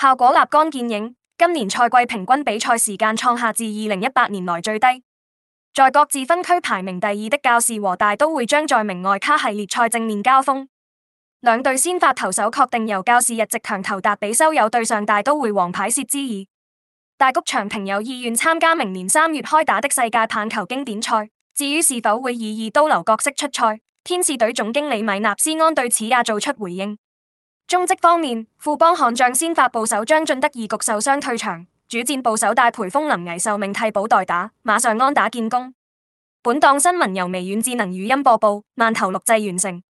效果立竿見影，今年賽季平均比賽時間創下自二零一八年來最低。在各自分區排名第二的教士和大都會將在明外卡系列賽正面交鋒。兩隊先發投手確定由教士日籍強投達比修有對上大都會黃牌切之意。大谷翔平有意願參加明年三月開打的世界棒球經典賽，至於是否會以二刀流角色出賽，天使隊總經理米納斯安對此也做出回應。中職方面，富邦悍將先發捕手張進德二局受傷退場，主戰捕手戴培峰臨危受命替補代打，馬上安打建功。本檔新聞由微軟智能語音播報，慢頭錄製完成。